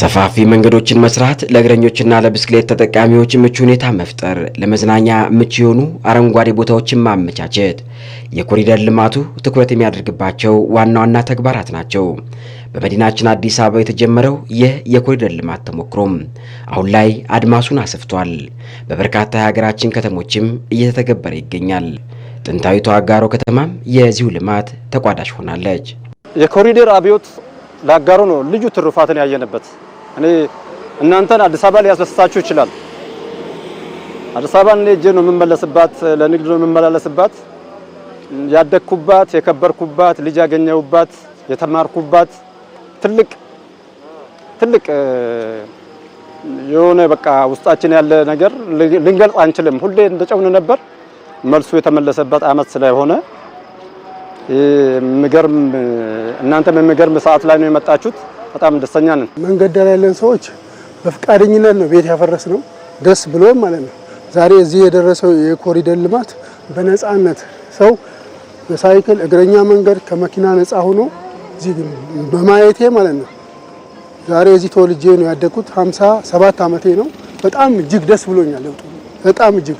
ሰፋፊ መንገዶችን መስራት፣ ለእግረኞችና ለብስክሌት ተጠቃሚዎች ምቹ ሁኔታ መፍጠር፣ ለመዝናኛ ምቹ የሆኑ አረንጓዴ ቦታዎችን ማመቻቸት የኮሪደር ልማቱ ትኩረት የሚያደርግባቸው ዋና ዋና ተግባራት ናቸው። በመዲናችን አዲስ አበባ የተጀመረው ይህ የኮሪደር ልማት ተሞክሮም አሁን ላይ አድማሱን አስፍቷል። በበርካታ የሀገራችን ከተሞችም እየተተገበረ ይገኛል። ጥንታዊቷ አጋሮ ከተማም የዚሁ ልማት ተቋዳሽ ሆናለች። የኮሪደር አብዮት ለአጋሮ ነው ልዩ ትሩፋትን ያየንበት። እኔ እናንተን አዲስ አበባ ሊያስደስታችሁ ይችላል። አዲስ አበባ እኔ እጄ ነው የምመለስባት፣ ለንግድ ነው የምመላለስባት፣ ያደግኩባት፣ የከበርኩባት፣ ልጅ ያገኘሁባት፣ የተማርኩባት ትልቅ ትልቅ የሆነ በቃ ውስጣችን ያለ ነገር ልንገልጽ አንችልም። ሁሌ እንደጨውን ነበር። መልሱ የተመለሰበት አመት ስለሆነ የሚገርም እናንተም የሚገርም ሰዓት ላይ ነው የመጣችሁት። በጣም ደስተኛ ነን። መንገድ ዳር ያለን ሰዎች በፈቃደኝነት ነው ቤት ያፈረስ ነው ደስ ብሎም ማለት ነው። ዛሬ እዚህ የደረሰው የኮሪደር ልማት በነፃነት ሰው በሳይክል እግረኛ መንገድ ከመኪና ነፃ ሆኖ እዚህ በማየቴ ማለት ነው ዛሬ እዚህ ተወልጄ ነው ያደግኩት። 57 ዓመቴ ነው። በጣም እጅግ ደስ ብሎኛል። ለውጡ በጣም እጅግ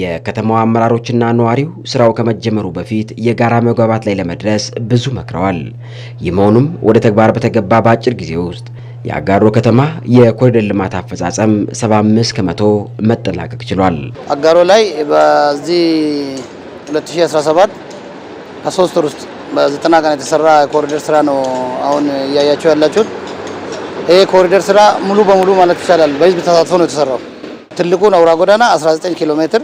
የከተማዋ አመራሮችና ነዋሪው ስራው ከመጀመሩ በፊት የጋራ መግባባት ላይ ለመድረስ ብዙ መክረዋል። ይህ መሆኑም ወደ ተግባር በተገባ በአጭር ጊዜ ውስጥ የአጋሮ ከተማ የኮሪደር ልማት አፈጻጸም 75 ከመቶ መጠናቀቅ ችሏል። አጋሮ ላይ በዚህ 2017 ከሶስት ወር ውስጥ በዘጠና ቀን የተሰራ የኮሪደር ስራ ነው አሁን እያያቸው ያላችሁት። ይህ ኮሪደር ስራ ሙሉ በሙሉ ማለት ይቻላል በህዝብ ተሳትፎ ነው የተሰራው። ትልቁን አውራ ጎዳና 19 ኪሎ ሜትር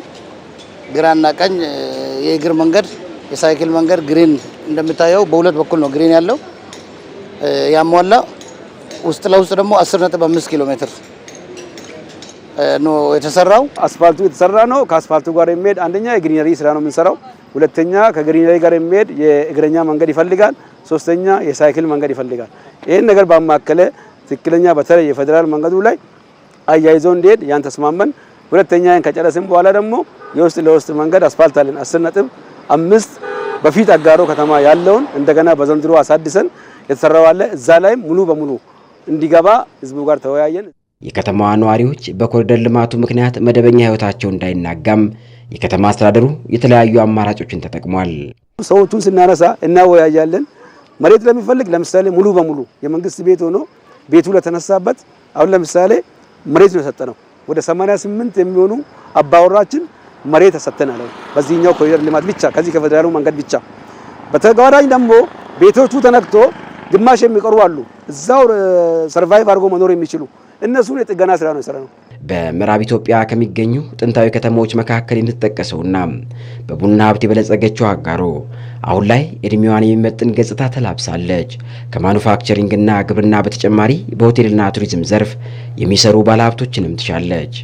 ግራና ቀኝ የእግር መንገድ፣ የሳይክል መንገድ ግሪን እንደምታየው በሁለት በኩል ነው ግሪን ያለው ያሟላ። ውስጥ ለውስጥ ደግሞ 10.5 ኪሎ ሜትር ነው የተሰራው። አስፋልቱ የተሰራ ነው። ከአስፋልቱ ጋር የሚሄድ አንደኛ የግሪነሪ ስራ ነው የምንሰራው። ሁለተኛ ከግሪነሪ ጋር የሚሄድ የእግረኛ መንገድ ይፈልጋል። ሶስተኛ የሳይክል መንገድ ይፈልጋል። ይህን ነገር ባማከለ ትክክለኛ በተለይ የፌዴራል መንገዱ ላይ አያይዞ እንዲሄድ ያን ተስማመን። ሁለተኛን ከጨረስን በኋላ ደግሞ የውስጥ ለውስጥ መንገድ አስፋልት አለን አስር ነጥብ አምስት በፊት አጋሮ ከተማ ያለውን እንደገና በዘንድሮ አሳድሰን የተሰራው አለ። እዛ ላይ ሙሉ በሙሉ እንዲገባ ህዝቡ ጋር ተወያየን። የከተማዋ ነዋሪዎች በኮሪደር ልማቱ ምክንያት መደበኛ ህይወታቸው እንዳይናጋም የከተማ አስተዳደሩ የተለያዩ አማራጮችን ተጠቅሟል። ሰዎቹን ስናነሳ እናወያያለን። መሬት ለሚፈልግ ለምሳሌ ሙሉ በሙሉ የመንግስት ቤት ሆኖ ቤቱ ለተነሳበት አሁን ለምሳሌ መሬት ነው የሰጠነው ወደ 88 የሚሆኑ አባወራችን መሬት ተሰጥተናል። በዚህኛው ኮሪደር ልማት ብቻ ከዚህ ከፌደራሉ መንገድ ብቻ። በተጓዳኝ ደግሞ ቤቶቹ ተነክቶ ግማሽ የሚቀሩ አሉ፣ እዛው ሰርቫይቭ አድርጎ መኖር የሚችሉ እነሱን የጥገና ስራ ነው የሰራነው። በምዕራብ ኢትዮጵያ ከሚገኙ ጥንታዊ ከተሞች መካከል የምትጠቀሰውና በቡና ሀብት የበለጸገችው አጋሮ አሁን ላይ እድሜዋን የሚመጥን ገጽታ ተላብሳለች። ከማኑፋክቸሪንግና ግብርና በተጨማሪ በሆቴልና ቱሪዝም ዘርፍ የሚሰሩ ባለሀብቶችንም ትሻለች።